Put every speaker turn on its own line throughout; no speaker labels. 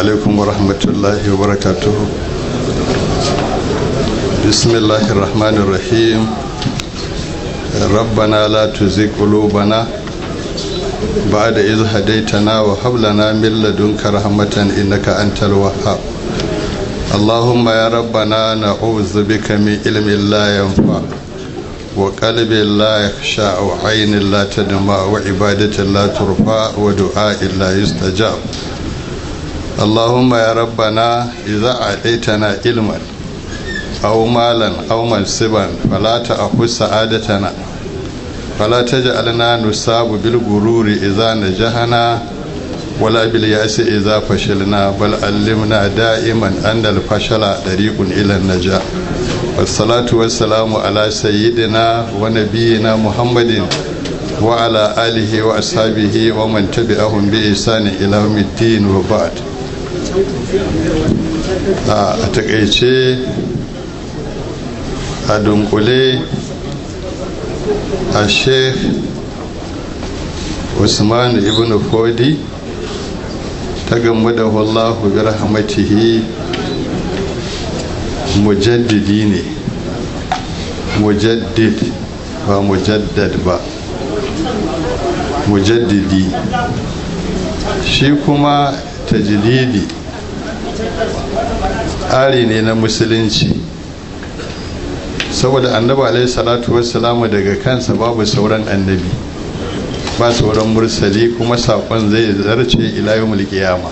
alaikum wa rahmatullahi wa barakatuhu bismillahir rahmanir rahim rabbana la tuzigh qulubana ba'da idh hadaytana wa hab lana min ladunka rahmatan innaka antal wahhab allahumma ya rabbana na'udzu bika min ilmin la yanfa wa qalbin la yakhsha wa 'aynin la tadma wa ibadatin la turfa wa du'a'in la yustajab اللهم يا ربنا إذا أعطيتنا علما أو مالا أو منصبا فلا تأخذ سعادتنا فلا تجعلنا نصاب بالغرور إذا نجحنا ولا باليأس إذا فشلنا بل علمنا دائما أن الفشل طريق إلى النجاح والصلاة والسلام على سيدنا ونبينا محمد وعلى آله وأصحابه ومن تبعهم بإحسان إلى يوم الدين وبعد a takaice a dunkule a sheikh usman ibn fodi ta gamu da wallahu bi rahmatihi mujaddidi ne mujaddid ba mujaddad ba mujaddidi shi kuma tajididi tsari ne na musulunci saboda annabi alai salatu wassalamu daga kansa babu sauran annabi ba sauran mursali kuma saƙon zai zarce ila mulki qiyama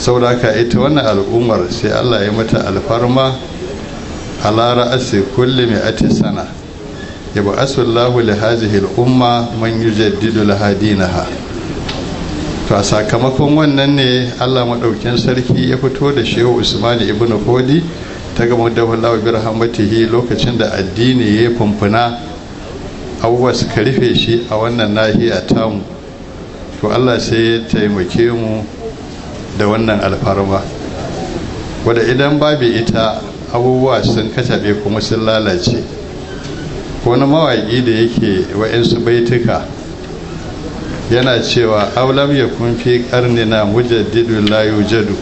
saboda haka ita wannan al'ummar sai Allah ya mata alfarma a ala ra'asi kulli mai sana yab'asu Allahu li hadhihi umma man yujaddidu lahadinaha to sakamakon wannan ne allah maɗaukin sarki ya fito da shehu usman ibn fodi ta gama da wallawa bi rahmatihi lokacin da addini ya fumfuna abubuwa suka rufe shi a wannan nahiya tamu to allah sai ya taimake mu da wannan alfarma wadda idan babu ita abubuwa sun kacabe kuma sun lalace wani mawaƙi da yake wa'insu baituka yana cewa aulam ya kunfi karnina mujaddidu la yujadu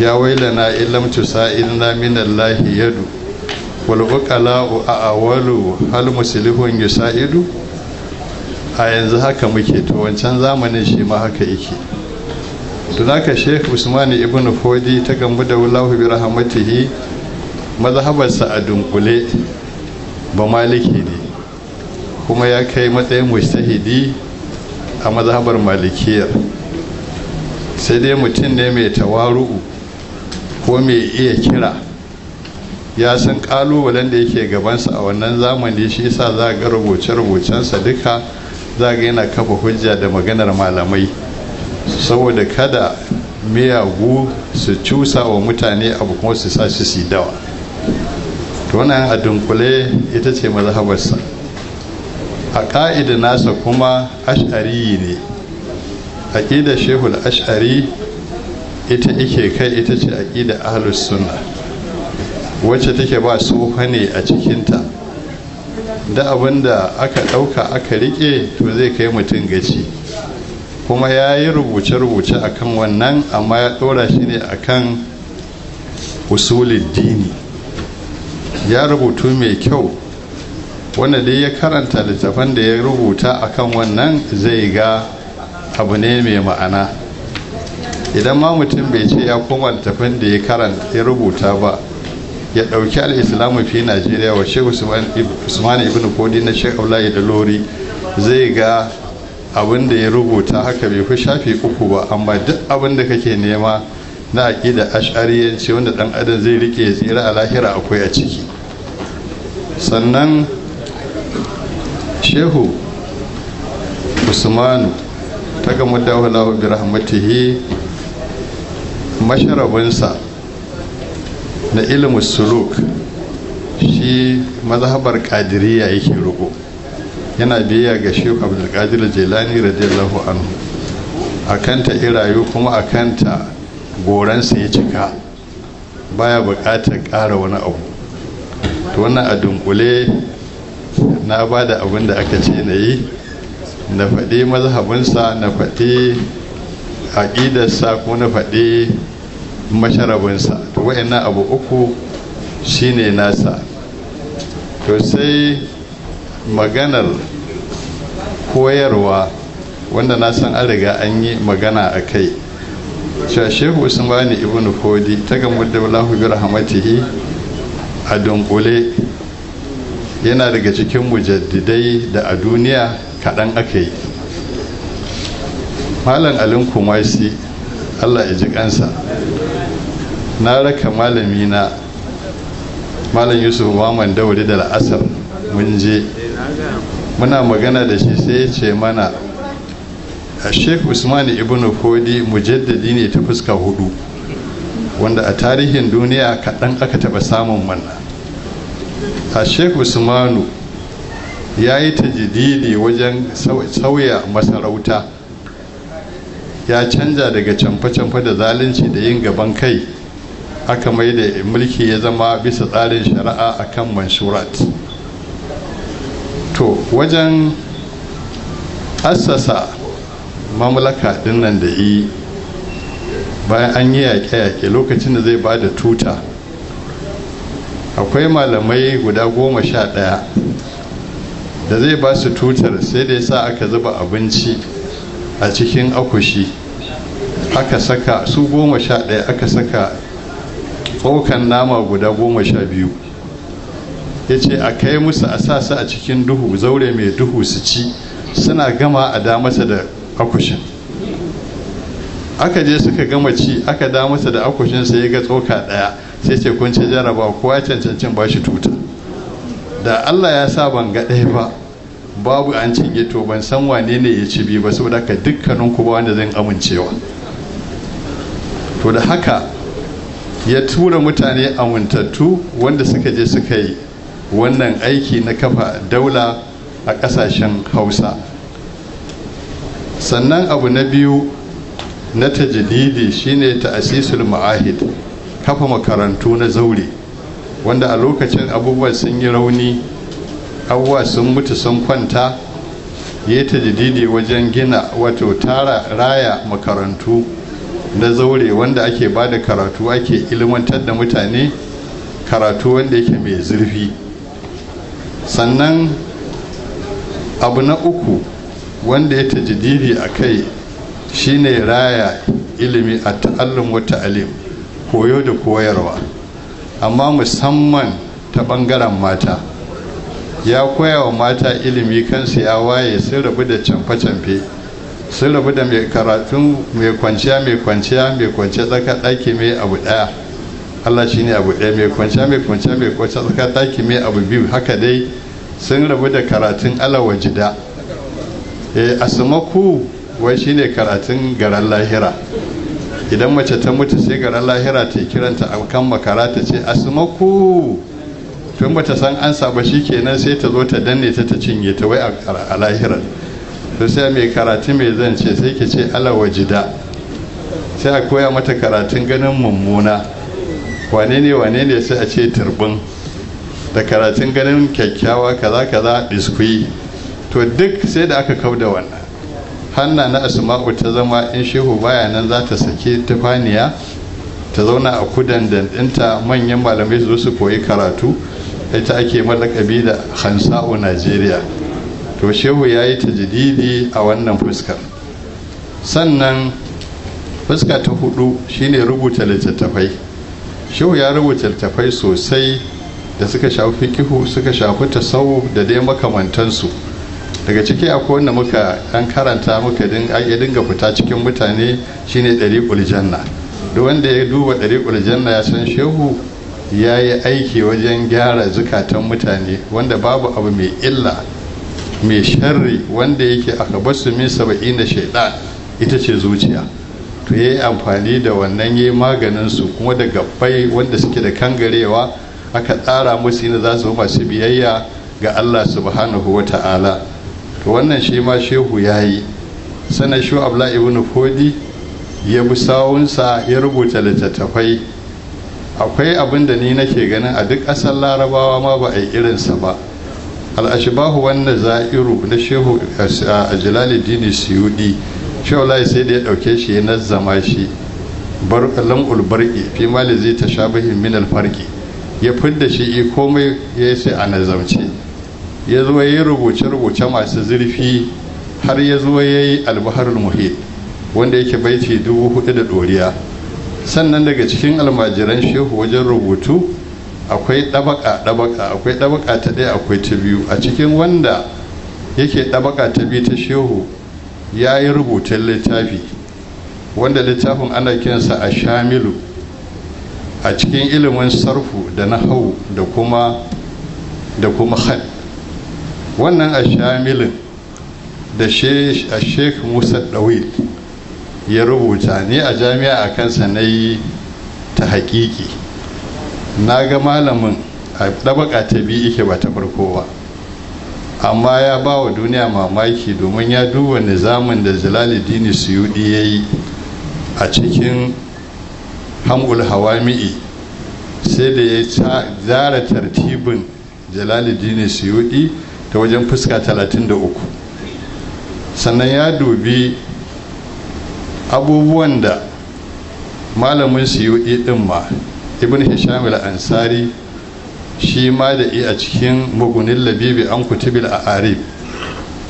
ya wailana illam tusailna min lahi yadu wal uqala'u a awalu hal muslihun yusaidu a yanzu haka muke to wancan zamanin shi ma haka yake don sheikh usman ibn fodi ta gambu da wallahu bi rahmatihi mazhabarsa a dunkule ba maliki ne kuma ya kai matsayin mujtahidi a mazhabar malikiyar sai dai mutum ne mai tawaru'u ko mai iya kira ya san kalubalen da yake gabansa a wannan zamani shi sa za ga rubuce-rubucensa duka za ga yana kafa hujja da maganar malamai saboda kada miyagu su cusa wa mutane abu kuma su sa shi dawa to wannan a dunkule ita ce mazhabarsa a ƙa'ida nasa kuma ash'ari ne a ƙida shehul ash'ari ita ike kai ita ce aƙida ahalus sunna wacce take ba su ne a cikinta da abin da aka ɗauka aka riƙe to zai kai mutum gaci kuma ya yi rubuce-rubuce a kan wannan amma ya ɗora shi ne akan usulin dini ya rubutu mai kyau wanda dai ya karanta littafan da ya rubuta akan wannan zai ga abu ne mai ma'ana idan ma mutum bai ce ya koma littafan da ya karanta ya rubuta ba ya ɗauki al'islamu fi najeriya wa shehu usman ibn kodi na shehu abdullahi da lori zai ga abin da ya rubuta haka bai fi shafi uku ba amma duk abin da kake nema na aƙida ash'ariyanci wanda ɗan adam zai rike ya tsira a lahira akwai a ciki sannan shehu usmanu ta gama dawalahu bi rahmatihi masharabinsa na ilimin suluk shi mazhabar kadiriya yake rugo yana biya ga shehu abdulkadir jelani radiyallahu anhu a kanta irayu kuma a kanta goransa ya cika baya bukatar ƙara wani abu to wannan a dunkule na ba da abin da aka ce na yi na faɗi mazhabinsa na faɗi aƙidarsa ko na faɗi masharabinsa to wa'annan abu uku shine nasa to sai maganar koyarwa wanda na san an riga an yi magana a kai shashehu usmani ibn fodi ta gamu da bi rahmatihi a dunkule yana daga cikin mujaddidai da a duniya kaɗan aka yi malam alin kumasi allah ya ji kansa na raka malami na malam yusuf maman dauri da la'asar mun je muna magana da shi sai ya ce mana a Sheikh usman ibn Kodi, mujaddadi ne ta fuska hudu wanda a tarihin duniya kaɗan aka taɓa samun wannan a sheik usmanu ya yi tajididi wajen sauya masarauta ya canza daga canfa canfa da zalunci da yin gaban kai aka mai da mulki ya zama bisa tsarin shari'a a kan mansurat to wajen assasa mamlaka dinnan da yi bayan an yi yaƙe-yaƙe lokacin da zai ba da tuta akwai malamai guda goma sha ɗaya da zai ba su tutar sai da ya aka zuba abinci a cikin akushi aka saka su goma sha ɗaya aka saka tsokan nama guda goma sha biyu ya ce a kai musu a sa su a cikin duhu zaure mai duhu su ci suna gama a damasa da akushin aka je suka gama ci aka damasa da akushin sai ya ga tsoka ɗaya sai ce kun ce jaraba kowa cancancin ba shi tuta da allah ya sa ban ga ɗaya ba babu an cinye eh to ban san wane ne ya ci bi ba saboda haka dukkanin ku ba wanda zan amincewa to da haka ya tura mutane amintattu wanda suka je suka yi wannan aiki na kafa daula a ƙasashen hausa sannan abu na biyu na tajididi shine ta'asisul ma'ahid kafa makarantu na zaure wanda a lokacin abubuwa sun yi rauni abubuwa sun mutu sun kwanta ya ta jididi wajen gina wato tara raya makarantu na zaure wanda ake ba da karatu ake ilmantar da mutane karatu wanda yake mai zurfi sannan abu na uku wanda ya ta jididi a kai shine raya ilimi a ta'allum wa ta'alim koyo da koyarwa amma musamman ta bangaren mata ya koya wa mata ilimi kansu ya waye sun rabu da canfe-canfe sun rabu da mai karatu mai kwanciya mai kwanciya mai kwanci tsaka ɗaki mai abu ɗaya allah shi ne abu ɗaya mai kwanciya mai kwanciya mai kwanci tsaka ɗaki mai abu biyu haka dai sun rabu da karatun alawajida jida eh, asamaku wai ne karatun garan lahira idan mace ta mutu sai garin lahira ta kiranta a kan makara ta ce asmaku tun mace san an saba shi kenan sai ta zo ta danne ta ta cinye ta wai a lahira to sai mai karatu mai zan ce sai ke ce alawa jida sai a koya mata karatun ganin mummuna wane ne wane ne sai a ce turbin da karatun ganin kyakkyawa kaza kaza biskui to duk sai da aka kau da wannan hanna na asma'u ta zama in shehu baya nan za ta sake tufaniya ta zauna a kudan dandinta manyan malamai su su koyi karatu ita ake malakabi da hansa'u najeriya to shehu ya yi ta jididi a wannan fuskar sannan fuska ta hudu shine rubuta littattafai shehu ya rubuta littattafai sosai da suka shafi kihu suka shafi tasawuf da dai makamantansu daga ciki akwai wanda muka an karanta muka ya dinga fita cikin mutane shine ɗari janna duk wanda ya duba ɗari janna ya san shehu ya yi aiki wajen gyara zukatan mutane wanda babu abu mai illa mai sharri wanda yake aka basu min saba'i na shaidan ita ce zuciya to ya yi amfani da wannan ya yi maganin su kuma da gabbai wanda suke da kangarewa aka tsara musu inda za su masu biyayya ga allah subhanahu wa ta'ala to wannan shi ma shehu ya yi sanar shu abla ibn fodi ya bi sawunsa ya rubuta littattafai akwai abin da ni nake ganin a duk ƙasar larabawa ma ba a yi irinsa ba al'ashibahu wannan za'iru na shehu eh, a jalaluddin siyudi shehu sai da ya ɗauke shi ya nazama shi barƙalan ulbarki fi mali zai ta shabihin min farki ya fidda shi komai ya yi sai a nazamce ya zo ya yi rubuce-rubuce masu zurfi har ya zo ya yi albaharul muhit wanda yake baiti dubu hudu da doriya sannan daga cikin almajiran shehu wajen rubutu akwai ɗabaka ɗabaka akwai ɗabaka ta ɗaya akwai ta biyu a cikin wanda yake ɗabaka ta biyu ta shehu ya yi rubutun littafi wanda littafin ana kinsa a shamilu a cikin ilimin sarfu da na hau da kuma da kuma had wannan a shamilin da Sheik musa dawil ya rubuta ne a jami'a a kansa na yi ta hakiki na ga malamin a ɗabaka ta biyu ike ba ta farko ba amma ya ba wa duniya mamaki domin ya duba nizamin da dini uɗi ya yi a cikin hamul hawami'i sai da ya zara tartibin dini yi ta wajen fuska 33 sannan ya dubi abubuwan da malamin siyuɗi din ma ibn hisham al-ansari shi ma da iya a cikin mugunin labibi an kutubil a arif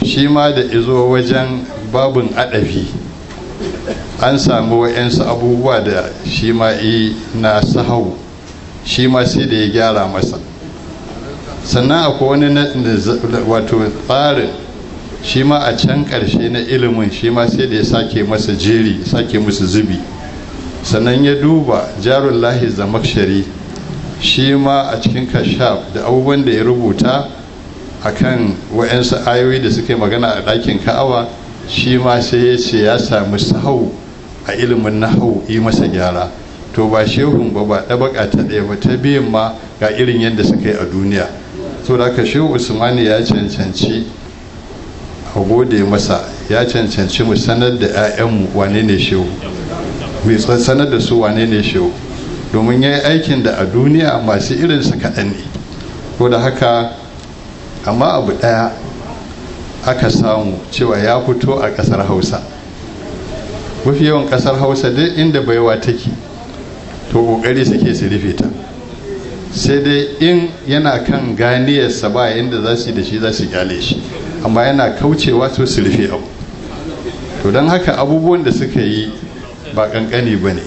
shi ma da izo wajen babin adafi an samu wa'yansu abubuwa da shi ma na sahau shi ma sai da ya gyara masa sannan akwai wani wato tsarin shi ma a can ƙarshe na ilimin shi ma sai da ya sake masa jeri sake musu zubi sannan ya duba jarun lahi zamakshari shi ma a cikin kashaf da abubuwan da ya rubuta a kan wa'yansu ayoyi da suke magana a ɗakin ka'awa shi ma sai ya ce ya sami sahau a ilimin na hau yi masa gyara to ba shehun ba ba ɗabaƙa ta ɗaya ba ta biyun ma ga irin yadda suka yi a duniya tura haka shi usmani ya cancanci a gode masa ya cancanci mu sanar da 'ya'yanmu wane ne shehu mai sanar da su wane ne shehu domin ya yi aikin da a duniya masu irinsa kaɗan ne ko da haka amma abu ɗaya aka samu cewa ya fito a ƙasar hausa mafi yawan ƙasar hausa duk inda baiwa take to ƙoƙari suke su rufe ta sai dai in yana kan ganiyarsa ba inda za su yi da shi za su gyale shi amma yana kaucewa to su rufe abu to don haka abubuwan da suka yi ba kankani ba ne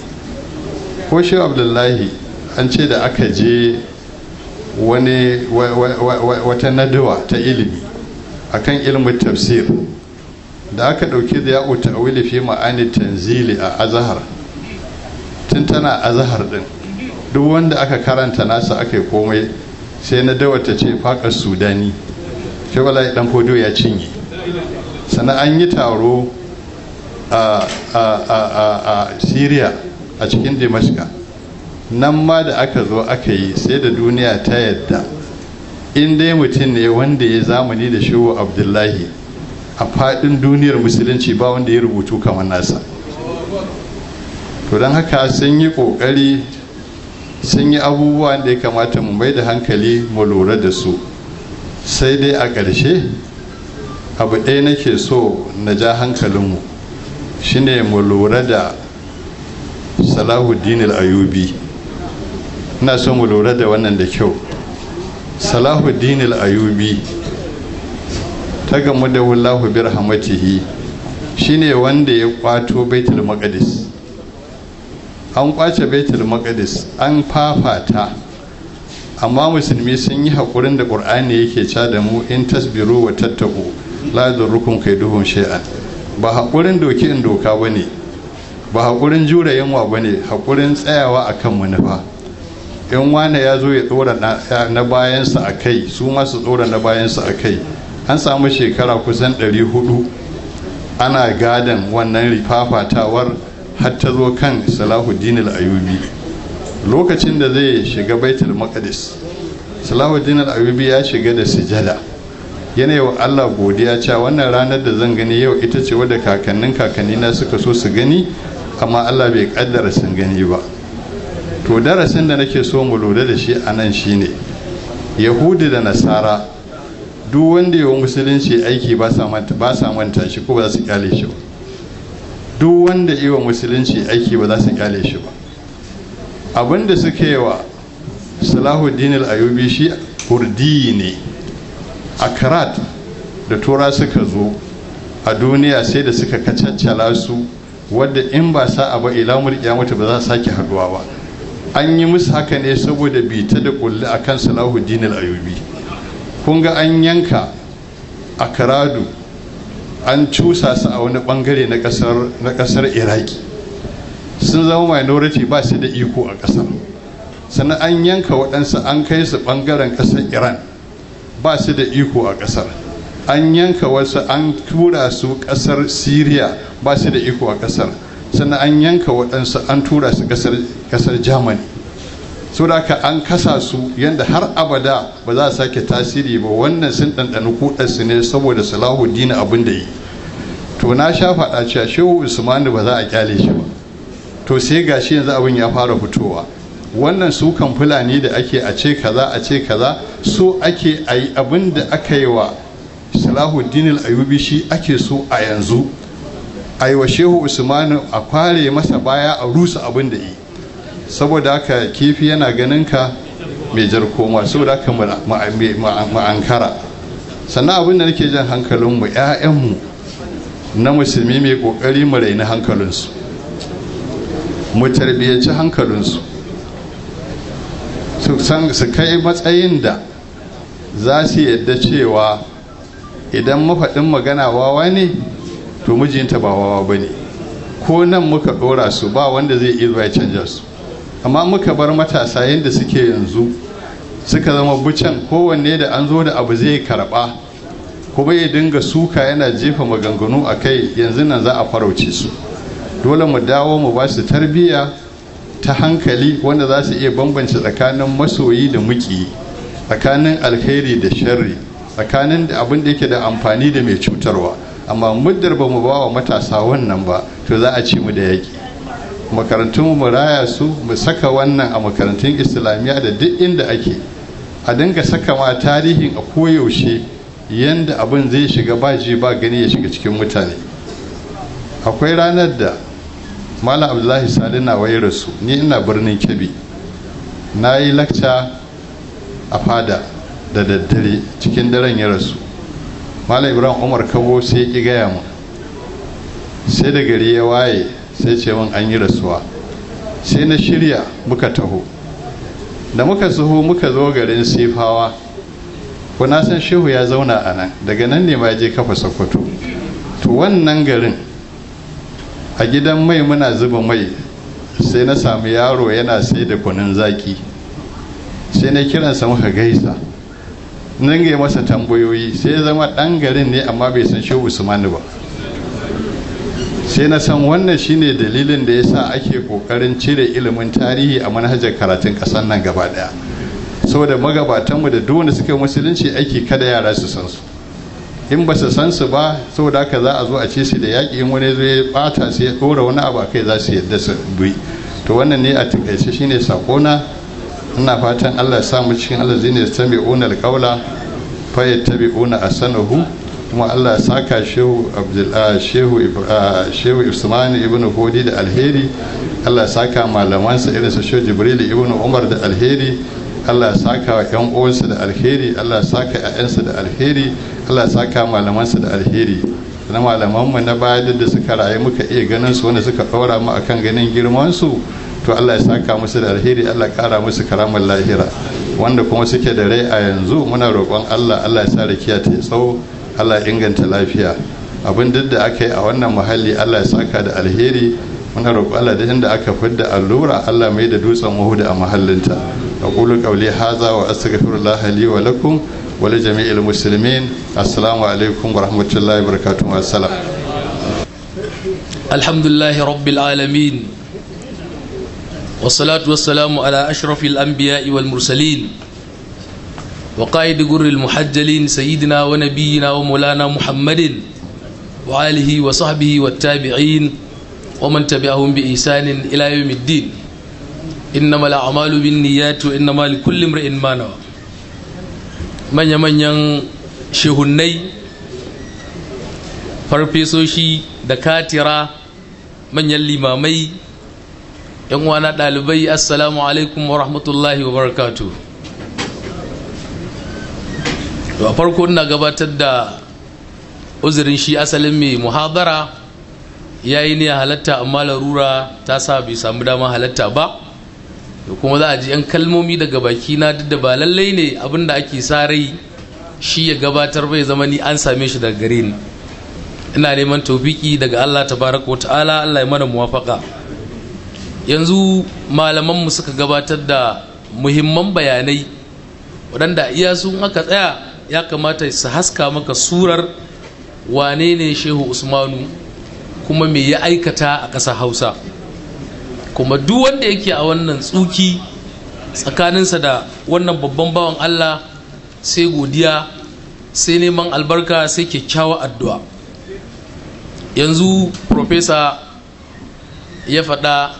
ko shi abdullahi an ce da aka je wani wata nadawa ta ilimi akan ilimin tafsir da aka ɗauki da ya'u ta'wili fi ma'ani tanzili a azahar tun tana azahar din duk wanda aka karanta nasa aka yi komai sai na dawata ce fakar sudani shi bala ya fodo ya cinye sannan an yi taro a syria a cikin damascus nan ma da aka zo aka yi sai da duniya ta yadda in dai mutum ne wanda ya zamani da shehu abdullahi a fadin duniyar musulunci ba wanda ya rubutu kamar nasa to don haka sun yi kokari. sun yi abubuwan da ya kamata mu mai da hankali mu lura da su sai dai a ƙarshe abu ɗaya nake so na ja hankalinmu shi ne mu lura da salahuddin ayubi ina so mu lura da wannan da kyau salahuddin ayubi ta gamu da wallahu birhamatihi ne wanda ya kwato baitul maqdis an kwace baitul maqdis an fafata amma musulmi sun yi haƙurin da ƙur'ani yake ca da mu in tasbiru wa tattaku la kai shay'an ba haƙurin doki in doka ba ba haƙurin jure yunwa bane ne haƙurin tsayawa akan manufa in wani ya zo ya tsora na bayansa a kai su masu tsora na bayansa a kai an samu shekara kusan 400 ana gadon wannan rifafatawar har ta zo kan salahuddin al-ayubi lokacin da zai shiga baitul maqdis salahuddin al-ayubi ya shiga da sujada yana wa Allah godiya cewa wannan ranar da zan gani yau ita ce wadda kakannin na suka so su gani amma Allah bai kaddara sun gani ba to darasin da nake so mu lura da shi a nan shine yahudi da nasara duk wanda yawa musulunci aiki ba sa manta shi ko ba za su kyale shi ba duk wanda iwa musulunci aiki ba za su kyale shi ba abinda suka yi wa salahuddin al’ayubi shi kurdi ne a karat da tura suka zo a duniya sai da suka kacaccala su wadda in ba sa a ba ilamul kiyamata ba za su sake haduwa ba an yi musu haka ne saboda bita da a akan salahuddin al’ayubi ayubi kun ga an yanka a karadu an cusa su a wani bangare na kasar iraki sun zama minority ba su da iko a kasar sannan an yanka waɗansu an kai su bangaren kasar iran ba su da iko a kasar an yanka wasu an tura su kasar syria ba su da iko a kasar sannan an yanka waɗansu an tura su kasar germany suraka an kasa su yadda har abada ba za a sake tasiri ba wannan sun ɗanɗani kuɗarsu ne saboda salahu dina abin da yi to na sha faɗa cewa shehu usmanu ba za a kyale shi ba to sai ga shi yanzu abin ya fara fitowa wannan su kan fulani da ake a ce kaza a ce kaza so ake a yi abin da aka yi wa salahuddin al'ayubi shi ake so a yanzu a yi wa shehu usmanu a kware masa baya a rusa abin da yi saboda haka kifi yana ganin ka mai jar koma saboda haka ma'ankara sannan abin da nake jan hankalinmu 'ya'yanmu na musulmi mai kokari mu raini hankalinsu mu tarbiyyaci hankalinsu su kai matsayin da za su yadda cewa idan mafaɗin magana wawa ne to mijinta ba wawa ba ne ko nan muka ɗora su ba wanda zai iya zuwa canja su amma muka bar matasa yadda suke yanzu suka zama bucan kowanne da an zo da abu zai karba kuma ya dinga suka yana jefa maganganu a kai yanzu nan za a farauce su dole mu dawo mu ba su tarbiyya ta hankali wanda za su iya bambance tsakanin masoyi da muki tsakanin alkhairi da sharri tsakanin da abin da yake da amfani da mai cutarwa amma muddar ba mu ba wa matasa wannan ba to za a ci mu da yaƙi makarantun mu raya su mu saka wannan a makarantun islamiyya da duk inda ake a dinga saka ma tarihin a koyaushe yanda abin zai shiga ba baji ba gani ya shiga cikin mutane akwai ranar da malam abdullahi sali na waye rasu ni ina birnin kebbi na yi lakca a fada da daddare cikin daren ya rasu malam ibrahim umar kabo sai ya gaya mu sai da gari ya waye sai ce min an yi rasuwa sai na shirya muka taho da muka suhu muka zo garin sifawa kuna san shehu ya zauna a nan daga nan ne ma je kafa sokoto to wannan garin a gidan mai muna zuba mai sai na samu yaro yana sai da kunun zaki sai na kiransa muka gaisa nan ga masa tambayoyi sai zama ɗan garin ne amma bai san shehu usmanu ba sai na san wannan shine dalilin da ya yasa ake kokarin cire ilimin tarihi a manhajar karatun kasan nan gaba daya saboda magabatanmu da duwanda suka musulunci aiki kada yara su san su in ba su san su ba saboda haka za a zo a ce su da yaƙi in wani zai bata su ya ɗora wani abu kai za su yadda su bi to wannan ne a shi shine sakona ina fatan Allah ya sa cikin Allah zai ne sami'una alqaula fa a asanahu kuma allah ya saka shehu ah, shehu ah, usmani ibn hodi da alheri allah ya saka malamansa irin su shehu jibril ibn umar da alheri allah ya saka wa yan uwansa da alheri allah ya saka ƴaƴansa da alheri allah ya saka malamansa da alheri na malamanmu na baya da suka rayu muka iya ganin su wanda suka ɗora mu akan ganin girman su to allah ya saka musu da alheri allah ƙara musu karamar lahira wanda kuma suke da rai a yanzu muna roƙon allah allah ya sa rakiya ta tsawo allah inganta lafiya abin duk da aka yi a wannan muhalli allah ya saka da alheri muna roƙo allah da inda aka fidda allura allah mai da dutsen wahuda a muhallinta aqulu qawli hadha wa astaghfirullah li wa lakum wa li jami'il muslimin assalamu alaikum wa rahmatullahi wa barakatuh wa salam
rabbil alamin salamu ala على أشرف الأنبياء وقائد قر المحجلين سيدنا ونبينا ومولانا محمد وآله وصحبه والتابعين ومن تبعهم بإحسان إلى يوم الدين إنما الأعمال بالنيات وإنما لكل امرئ ما نوى من يمن ين شهني farfesoshi da katira manyan limamai 'yan uwana ɗalibai assalamu alaikum wa rahmatullahi wa barakatuh da farko ina gabatar da uzurin shi asalin mai muhadara ya yi ne halatta amma larura ta sa bai samu dama halatta ba da kuma za a ji 'yan kalmomi daga baki na duk da ba lallai ne abinda ake sa rai shi ya gabatar bai zama ni an same shi daga gare ni ina neman taufiki daga Allah tabaraka ta'ala Allah ya mana muwafaka yanzu malamanmu suka gabatar da muhimman bayanai waɗanda iya sun aka tsaya ya kamata su haska maka surar wane ne shehu usmanu kuma me ya aikata a ƙasa hausa kuma duk wanda yake a wannan tsuki tsakaninsa da wannan babban bawan allah sai godiya sai neman albarka sai kyakkyawa addu'a yanzu profesa ya faɗa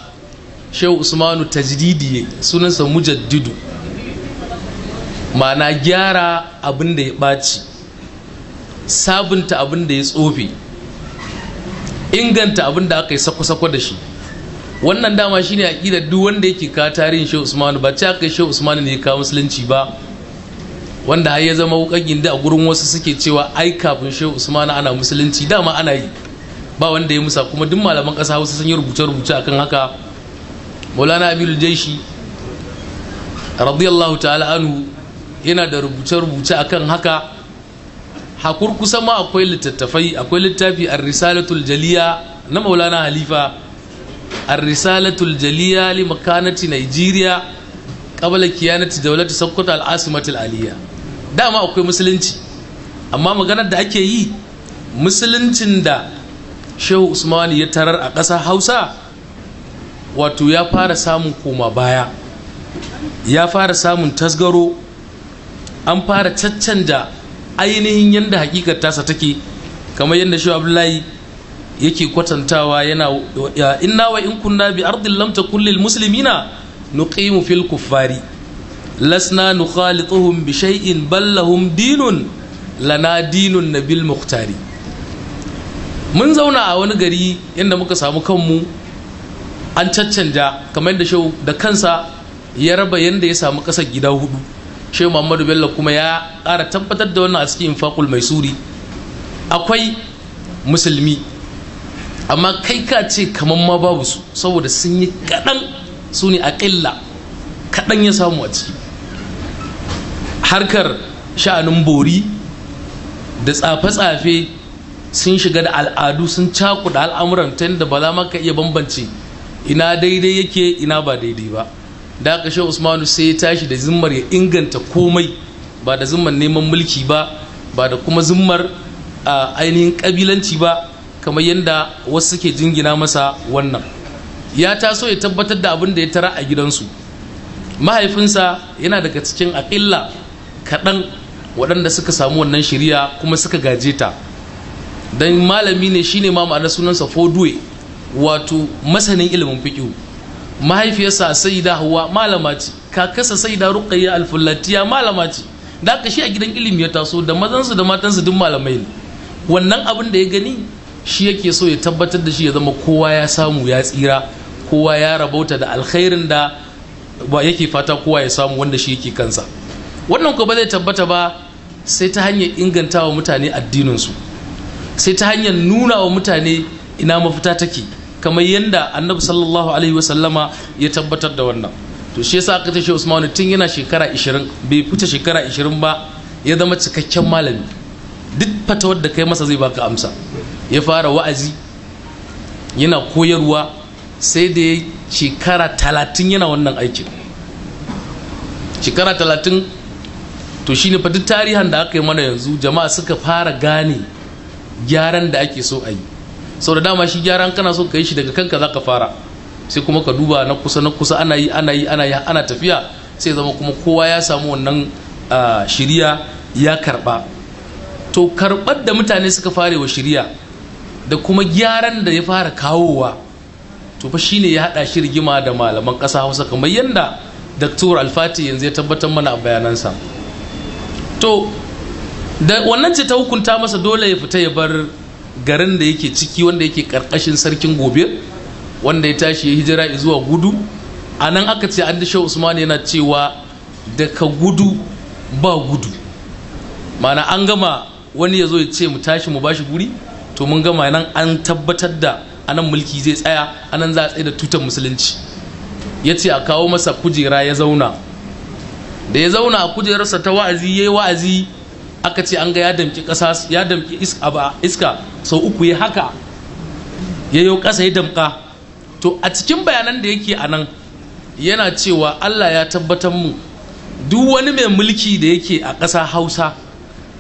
shehu usmanu tajdidi sunansa mujaddidu mana gyara abin da ya ɓaci sabunta abin da ya tsofe inganta abin da aka yi sako-sako da shi wannan dama shine aƙidar duk wanda yake ka tarihin shehu usman ba ce aka yi shehu usman ne ka musulunci ba wanda har ya zama wukan gindi a gurin wasu suke cewa ai kafin shehu usman ana musulunci dama ana yi ba wanda ya musa kuma duk malaman ƙasa hausa sun yi rubuce-rubuce akan haka maulana amirul jaishi radiyallahu ta'ala anhu yana da rubuce-rubuce a kan haka hakur kusa ma akwai littattafai akwai littafi a risalatul jaliya na maulana halifa a risalatul jaliya li makanati nigeria kabbalar kiyanati da sokoto sakkwata al'asimatul aliyya dama akwai musulunci amma maganar da ake yi musuluncin da shehu usmani ya tarar a ƙasar hausa wato ya fara samun koma baya ya fara samun tasgaro an fara caccanja ainihin yadda hakikar tasa take kamar yadda shi abdullahi yake kwatantawa yana inna wa in kunna bi ardin lam takun lil muslimina nuqimu fil kuffari lasna nukhalituhum bi shay'in bal lahum dinun lana dinun nabil muhtari mun zauna a wani gari yadda muka samu kanmu an caccanja kamar yadda da kansa ya raba yadda ya samu kasar gida hudu shehu muhammadu bello kuma ya ƙara tabbatar da wannan a cikin infaqul mai suri akwai musulmi amma kai ka ce kamar ma babu su saboda sun yi kaɗan su ne a ƙilla kaɗan ya samu a ciki harkar sha'anin bori da tsafe-tsafe sun shiga da al'adu sun cakuɗa al'amuran ta yadda ba za ma ka iya bambance ina daidai yake ina ba daidai ba da aka shi usmanu sai ya tashi da zimmar ya inganta komai ba da zimmar neman mulki ba ba da kuma zimmar ainihin kabilanci ba kamar yadda wasu suke jingina masa wannan ya taso ya tabbatar da abin da ya tara a gidansu mahaifinsa yana daga cikin aƙilla kaɗan waɗanda suka samu wannan shirya kuma suka gaje ta don malami ne shine ma ma'ana sunansa foduwe wato masanin ilimin fiƙihu mahaifiyarsa saida hawa malama ce kakarsa sayyida ruqayya alfullatiya malama ce da aka shi a gidan ilimi ya taso da mazansu da matansu duk malamai ne wannan abin da ya gani shi yake so ya tabbatar da shi ya zama kowa ya samu ya tsira kowa ya rabauta da alkhairin da ba yake fata kowa ya samu wanda shi yake kansa wannan ko ba zai tabbata ba sai ta hanyar inganta wa mutane su sai ta hanyar nuna wa mutane ina mafita take kamar yadda annabi sallallahu alaihi wasallama ya tabbatar da wannan to shi yasa aka tashi Usman tun yana shekara 20 bai fita shekara 20 ba ya zama cikakken malami duk fatawar da kai masa zai baka amsa ya fara wa'azi yana koyarwa sai da ya shekara 30 yana wannan aikin shekara 30 to shine fa duk tarihin da aka yi mana yanzu jama'a suka fara gane gyaran da ake so a yi sau da dama shi gyaran kana so ka yi shi daga kanka za ka fara sai kuma ka duba na kusa na kusa ana yi ana yi ana yi ana tafiya sai zama kuma kowa ya samu wannan shirya ya karba to karbar da mutane suka wa shirya da kuma gyaran da ya fara kawowa to fa shine ya hada shi rigima da malaman ƙasa hausa kamar yadda daktar alfati yanzu ya tabbatar mana a bayanansa to da wannan ce ta hukunta masa dole ya fita ya bar garin da yake ciki wanda yake karkashin sarkin gobe wanda ya tashi ya hijira zuwa gudu a nan aka ce an dashe usman yana cewa daga gudu ba gudu mana an gama wani ya zo ya ce mu tashi mu bashi guri to mun gama nan an tabbatar da anan mulki zai tsaya anan za a tsaye da tutar musulunci ya ce a kawo masa kujera ya zauna da ya zauna a kujerarsa ta wa'azi ya yi wa'azi aka ce an ga ya damki ƙasa ya damki iska sau uku ya haka ya yau ƙasa ya damka to a cikin bayanan da yake a nan yana cewa allah ya tabbatar mu duk wani mai mulki da yake a ƙasa hausa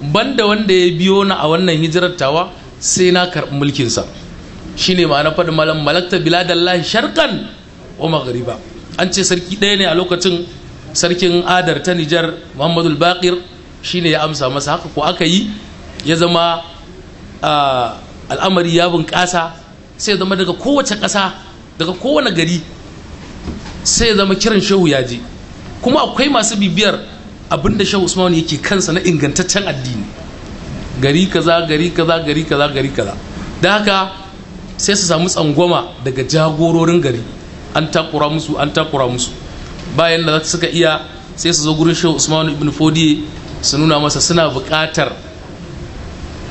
banda wanda ya biyo na a wannan hijirar tawa sai na karɓi mulkinsa ne ma'ana faɗi malam malakta biladallahi sharkan wa maghriba an ce sarki ɗaya ne a lokacin sarkin adar ta nijar muhammadul baqir shine ya amsa masa haka ko aka yi ya zama al'amari ya bunƙasa sai zama daga kowace ƙasa daga kowane gari sai zama kiran shehu ya je kuma akwai masu bibiyar abinda shehu usman yake kansa na ingantaccen addini gari kaza gari kaza gari kaza gari kaza da haka sai su samu tsangwama daga jagororin gari an takura musu an takura musu bayan da suka iya sai su zo gurin shehu usman ibn fodiye su nuna masa suna buƙatar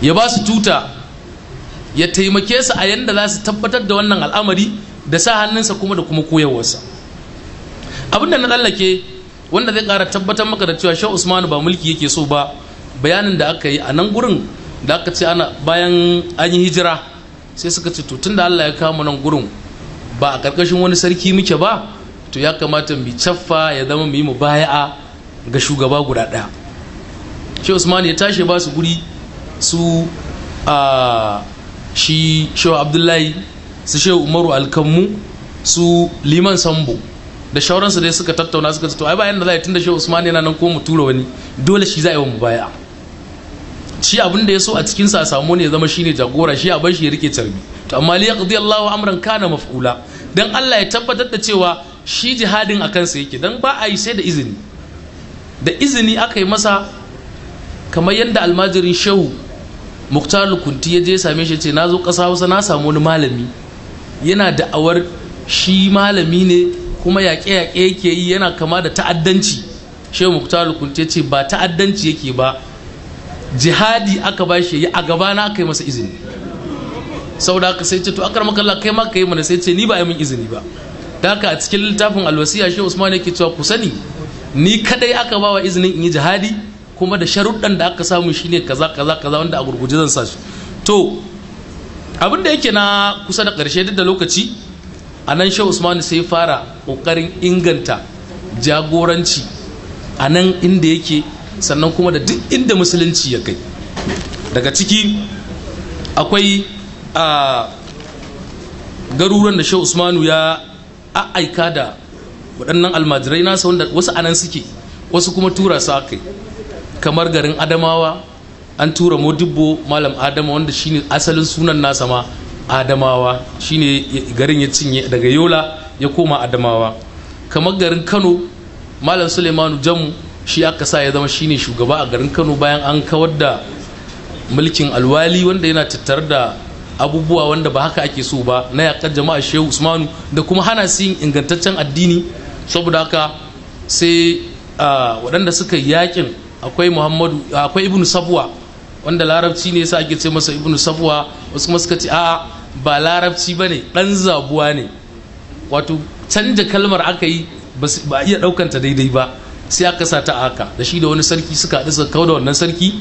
ya ba su tuta ya taimake su a yadda za su tabbatar da wannan al'amari da sa hannunsa kuma da kuma koyarwarsa abin da na tsallake wanda zai kara tabbatar maka da cewa shan usmanu ba mulki yake so ba bayanin da aka yi a nan gurin da aka ce ana bayan an yi hijira sai suka ce tutun da allah ya kama nan gurin ba a ƙarƙashin wani sarki muke ba to ya kamata mu caffa ya zama mu yi mu baya'a ga shugaba guda ɗaya shi usman ya tashi ba su guri su a shi shi abdullahi su shi umaru alkammu su liman sambo da shauransu dai suka tattauna suka tattauna ai bayan da za a yi tun da usman yana nan ko mu tura wani dole shi za a yi wa mu baya shi abin da ya so a cikin sa samu ne ya zama shine jagora shi a bar shi ya rike tarbi to amma li yaqdi Allah amran kana maf'ula dan Allah ya tabbatar da cewa shi jihadin akan sa yake dan ba a yi sai da izini da izini aka yi masa kamar yadda almajirin shehu muktar lukunti ya je same shi ce na zo ƙasa hausa na samu wani malami yana da'awar shi malami ne kuma yaƙe-yaƙe yake yi yana kama da ta'addanci shehu muktar lukunti ya ce ba ta'addanci yake ba jihadi aka ba shi yi a na aka yi masa izini saboda haka sai ce to akar makalla kai ma ka yi mana sai ce ni ba yi min izini ba da haka a cikin littafin alwasiya shehu usman yake cewa ku sani ni kadai aka bawa wa izinin in yi jihadi kuma da sharuɗan da aka samu shine kaza kaza kaza wanda a gurguje zan sa shi. to abin da yake na kusa da ƙarshe duk da lokaci a nan shehu usmanu sai fara ƙoƙarin inganta jagoranci a nan inda yake sannan kuma da duk inda musulunci ya kai daga ciki akwai a garuruwan da shehu usmanu ya aika da waɗannan almajirai nasa wanda wasu anan suke wasu kuma tura su akai kamar garin adamawa an tura modibbo malam adama wanda shine asalin sunan nasa ma adamawa shine garin ya cinye daga yola ya koma adamawa kamar garin kano malam sulemanu jamu shi aka sa ya zama shine shugaba a garin kano bayan an kawar da mulkin alwali wanda yana tattara da abubuwa wanda ba haka ake so ba na yakar jama'a shehu usmanu da kuma hana su yin ingantaccen addini saboda haka sai ah, waɗanda suka yi yakin akwai muhammadu akwai ibnu sabuwa wanda larabci ne sa ake ce masa ibnu sabuwa wasu kuma suka ce a ba larabci ba ne dan zabuwa ne wato canja kalmar aka yi ba iya ɗaukanta daidai ba sai aka sa ta aka da shi da wani sarki suka haɗu suka kauda wannan sarki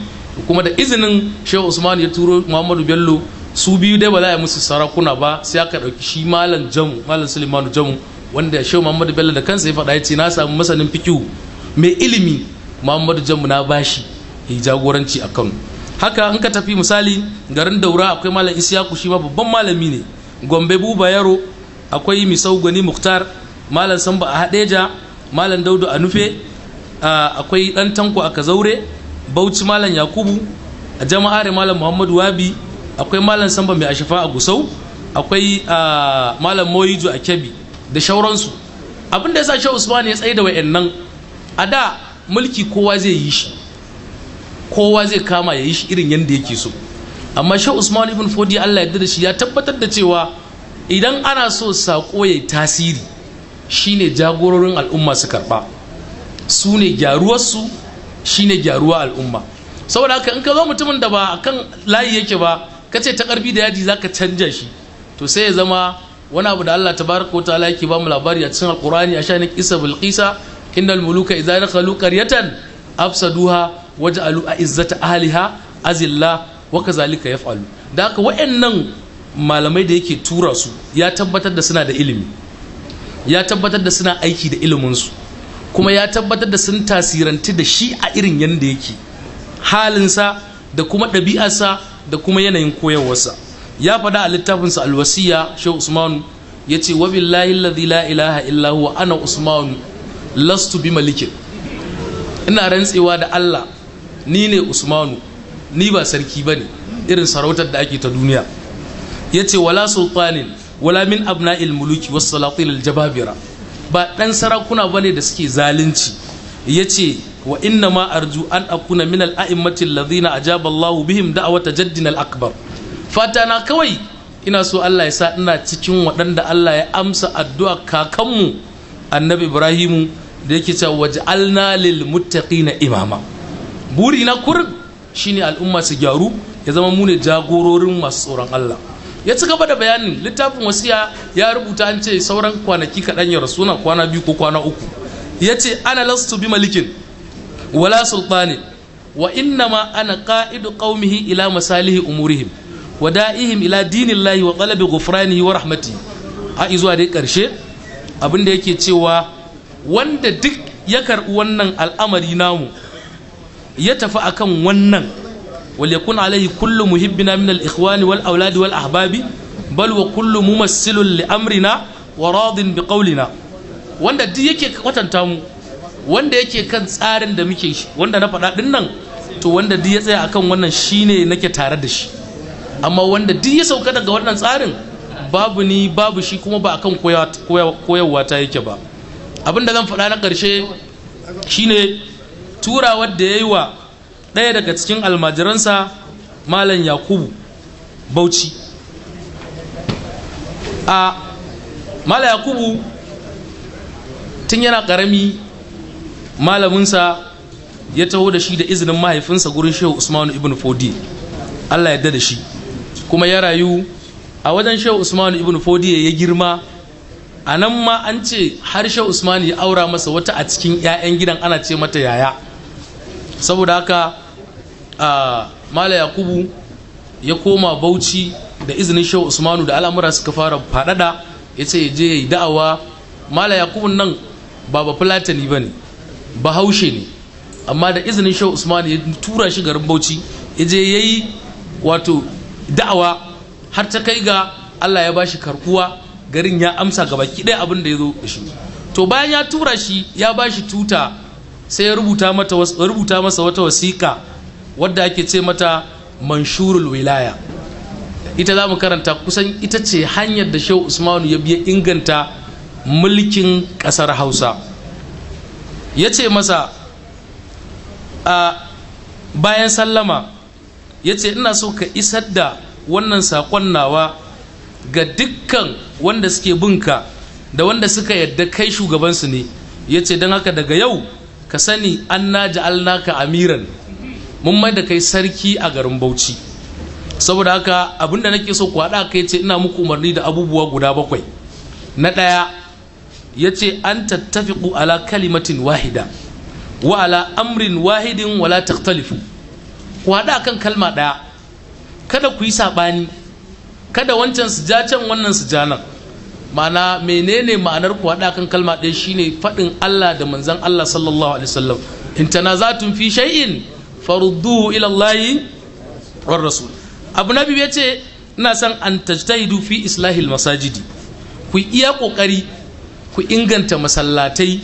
kuma da izinin shehu usman ya turo muhammadu bello su biyu dai ba za a yi musu sarakuna ba sai aka ɗauki shi malam jamu malam sulaimanu jamu wanda shehu muhammadu bello da kansa ya faɗa ya ce na samu masanin fikihu mai ilimi muhammadu jammu na bashi ya yi jagoranci a kano haka an ka tafi misali garin daura akwai malam isiyaku shi ma babban malami ne gombe buba yaro akwai misau gwani muktar malam samba a haɗeja malam daudu a nufe akwai ɗan tanko a kazaure bauchi malam yakubu a jama'are malam muhammadu wabi akwai malam samba mai ashafa a gusau akwai malam moyiju a kebbi da shauransu abin da ya sa shehu usman ya tsaye da wayannan a da mulki kowa zai yi shi kowa zai kama ya yi shi irin yadda yake so amma sha usman ibn fodi allah ya da shi ya tabbatar da cewa idan ana so saƙo ya tasiri shine jagororin al'umma su karɓa su ne gyaruwarsu shine gyaruwa al'umma saboda haka in ka zo mutumin da ba a kan layi yake ba ka ce ta ƙarfi da yaji zaka canja shi to sai ya zama wani abu da Allah tabaraka wa ta'ala yake ba mu labari a cikin Alƙurani, a shanin isa bilqisa innal muluka idza dakhalu qaryatan afsaduha waj'alu a'izzata ahliha azilla wa kazalika yaf'alu da haka wayannan malamai da yake tura su ya tabbatar da suna da ilimi ya tabbatar da suna aiki da ilimin su kuma ya tabbatar da sun tasiranti da shi a irin yanda yake halinsa da kuma ɗabi'arsa da kuma yanayin koyarwarsa ya faɗa a littafinsa alwasiya shehu usmanu ya ce wa billahi la ilaha illa huwa ana usmanu lastu bi malikin ina rantsewa da Allah ni ne usmanu ni ba sarki ba ne irin sarautar da ake ta duniya ya ce wala sultanin wala min abna'il muluki wasu salatin aljababira ba ɗan sarakuna bane da suke zalunci ya ce wa inna ma arju an akuna min al'a'immatin ladina ajaba Allahu bihim wata jaddin al'akbar fata na kawai ina so Allah ya sa ina cikin waɗanda Allah ya amsa addu'a kakanmu annabi Ibrahimu da yake cewa waj'alna lil muttaqina imama buri na kur shine al'umma su gyaru ya zama mu ne jagororin masu tsoron Allah ya ci gaba da bayanin littafin wasiya ya rubuta an ce sauran kwanaki kaɗan ya rasu kwana biyu ko kwana uku ya ce ana lastu bi malikin wala sultani wa ma ana qa'idu qaumihi ila masalihi umurihim wa da'ihim ila dinillahi wa talabi ghufranihi wa rahmatihi a izuwa dai karshe abinda yake cewa wanda duk ya karɓi wannan al'amari namu ya tafi akan wannan wale-kuna alaihi kullu muhibbina min al ikhwani wal auladi wal ahbabi bal wa kullu mumassilun li amrina wa radin bi qawlina wanda duk yake kwatanta mu wanda yake kan tsarin da muke shi wanda na faɗa nan to wanda duk ya tsaya akan wannan shine nake tare da shi amma wanda duk ya sauka daga wannan tsarin babu ni babu shi kuma ba akan koyarwa ta yake ba Abin da zan faɗa na ƙarshe shine turawar da ya yi wa ɗaya daga cikin almajiransa malam yakubu bauchi a malam yakubu tun yana ƙarami malaminsa ya taho da shi da izinin mahaifinsa gurin shehu usmanu ibn fodi allah ya da shi kuma ya rayu a wajen shehu usmanu ibn fodi ya girma a nan ma an ce harshe usmani ya aura masa wata a cikin 'ya'yan gidan ana ce mata yaya saboda haka mala yakubu ya koma bauchi da izinin shehu usmanu da al'amura suka fara faɗaɗa ya ce ya je ya yi da'awa mala yakubun nan ba ba fulatani ba ne bahaushe ne amma da izinin shehu usmanu ya tura shi garin bauchi ya je ya yi wato da'awa har ta kai ga allah ya ba shi karkuwa garin ya amsa ga baki ɗaya abin da ya zo da shi to bayan ya tura shi ya ba shi tuta sai ya rubuta masa wata wasiƙa wadda ake ce mata manshurul wilaya ita za mu karanta kusan ita ce hanyar da shehu usmanu ya biya inganta mulkin ƙasar hausa ya ce masa a bayan sallama ya ce ina so ka isar da wannan saƙon nawa ga dukkan wanda suke binka da wanda suka yadda kai shugabansu ne ya ce don haka daga yau ka sani an na alnaka amiran mun mai da kai sarki a garin bauchi saboda haka abinda nake so ku haɗa kai ce ina muku umarni da abubuwa guda bakwai na ɗaya ya ce an tattafi ala kalimatin wahida wa ala amrin wahidin wala taktalifu ku haɗa kan kalma ɗaya kada ku yi saɓani kada wancan su ja can wannan su ja nan ma'ana menene ma'anar ku haɗa kan kalma ɗaya shine faɗin Allah da manzan Allah sallallahu alaihi wasallam in tanazatun fi shay'in farudduhu ila Allah war rasul abu nabi ce ina san an tajtahidu fi islahil masajidi ku iya kokari ku inganta masallatai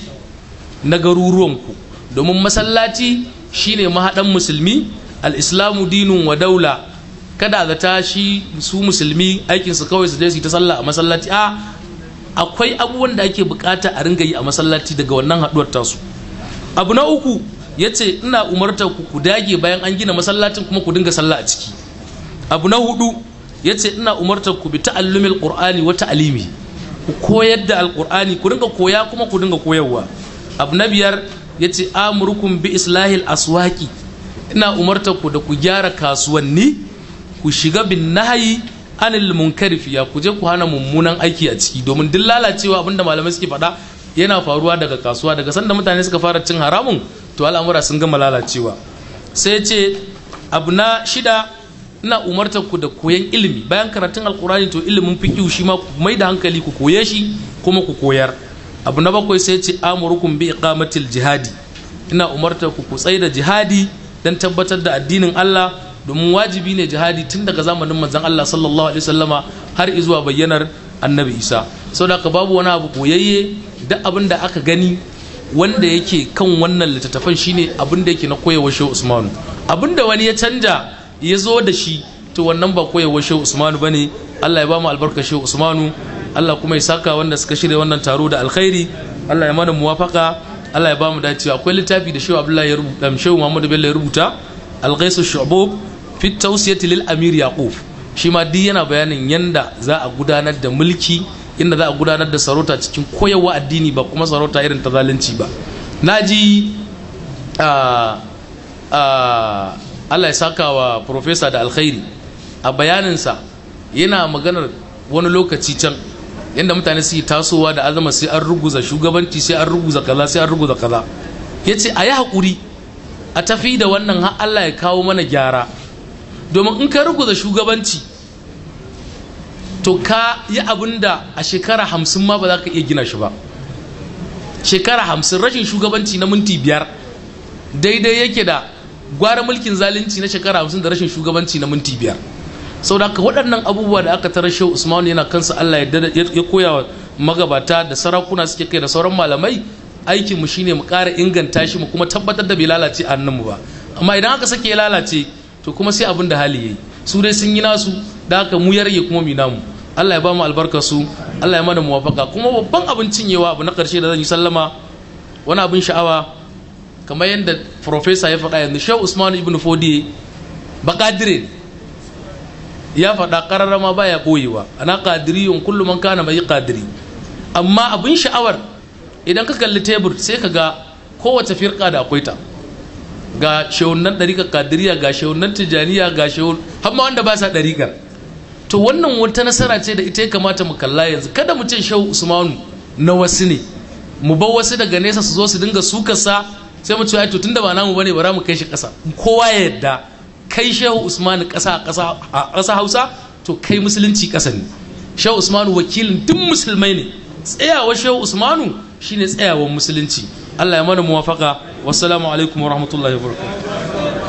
na garuruwanku domin masallaci shine mahaɗan musulmi al-islamu dinun wa daula kada ga tashi su musulmi aikin su kawai su je su ta sallah a masallaci a akwai abubuwan da ake bukata a ringa yi a masallaci daga wannan haduwar tasu abu na uku yace ina umarta ku ku dage bayan an gina masallacin kuma ku dinga sallah a ciki abu na hudu yace ina umarta ku bi ta'allumil qur'ani wa ta'limi ku koyar da alqur'ani ku dinga koya kuma ku dinga koyarwa abu na biyar yace amurukum bi islahil aswaqi ina umarta ku da ku gyara kasuwanni ku shiga bin nahayi anil munkari fiya ku je ku hana mummunan aiki a ciki domin duk lalacewa abinda malamai suke faɗa yana faruwa daga kasuwa daga sanda mutane suka fara cin haramun to al'amura sun gama lalacewa sai ce abu na shida ina umartar ku da koyan ilimi bayan karatun alkurani to ilimin fikihu shi ma ku mai da hankali ku koye shi kuma ku koyar abu na bakwai sai ce amurukum bi iqamatil jihadi ina umartar ku ku tsaida jihadi don tabbatar da addinin Allah domin wajibi ne jihadi tun daga zamanin Manzan Allah sallallahu alaihi wasallama har zuwa bayyanar annabi Isa saboda haka babu wani abu koyayye da abin da aka gani wanda yake kan wannan littattafan shine abin da yake na koyewar Shehu Usman abin da wani ya canja ya zo da shi to wannan ba koyewar Shehu Usman bane Allah ya ba mu albarka Shehu Usman Allah kuma ya saka wanda suka shirya wannan taro da alkhairi Allah ya mana muwafaka Allah ya ba mu dacewa akwai littafi da Shehu Abdullahi ya rubuta Shehu Muhammadu Bello ya rubuta Al-Ghaisu Shu'bub fit lil amir yaqub shi ma duk yana bayanin yanda za a gudanar da mulki inda za a gudanar da sarauta cikin koyarwa addini ba kuma sarauta irin ta zalunci ba naji Allah ya saka wa profesa da alkhairi a bayanin sa yana maganar wani lokaci can yadda mutane su yi tasowa da azama sai an ruguza shugabanci sai an ruguza kaza sai an ruguza kaza ya ce a yi haƙuri a tafi da wannan har Allah ya kawo mana gyara domin in ka ruguza shugabanci to ka yi abin da a shekara hamsin ma ba za ka iya gina shi ba shekara hamsin rashin shugabanci na minti biyar daidai yake da gwara mulkin zalunci na shekara hamsin da rashin shugabanci na minti biyar sau da waɗannan abubuwa da aka tara shehu usman yana kansa allah ya koya wa magabata da sarakuna suke kai da sauran malamai aikinmu shi ne mu ƙara inganta shi mu kuma tabbatar da bai lalace a hannunmu ba amma idan aka sake ya lalace to kuma sai abin da hali yayi su dai sun yi nasu da haka mu ya rage kuma mu namu Allah ya ba mu albarkar su Allah ya mana muwafaka kuma babban abin cinyewa abu na karshe da zan yi sallama wani abin sha'awa kamar yadda professor ya faɗa yanzu Shehu Usman Ibn Fodi bakadire ya faɗa ƙararrama baya koyewa ana qadiriyun kullu man kana mai qadiri amma abin sha'awar idan ka kalli tebur sai ka ga kowace firka da akwai ta ga shehunnan ɗariƙar kadiriya ga shehunnan tijaniya ga shehun har wanda ba sa ɗariƙar to wannan wata nasara ce da ita ya kamata mu kalla yanzu kada mu ce shehu usmanu na wasu ne mu bar wasu daga nesa su zo su dinga sa sai mu ce ai to tunda ba namu bane bara mu kai shi ƙasa kowa ya yadda kai shehu usmanu ƙasa a ƙasa hausa to kai musulunci ƙasa ne shehu usmanu wakilin duk musulmai ne tsayawa shehu usmanu shine tsayawan musulunci Allah ya mana muwafaka wassalamu alaikum wa rahmatullahi wa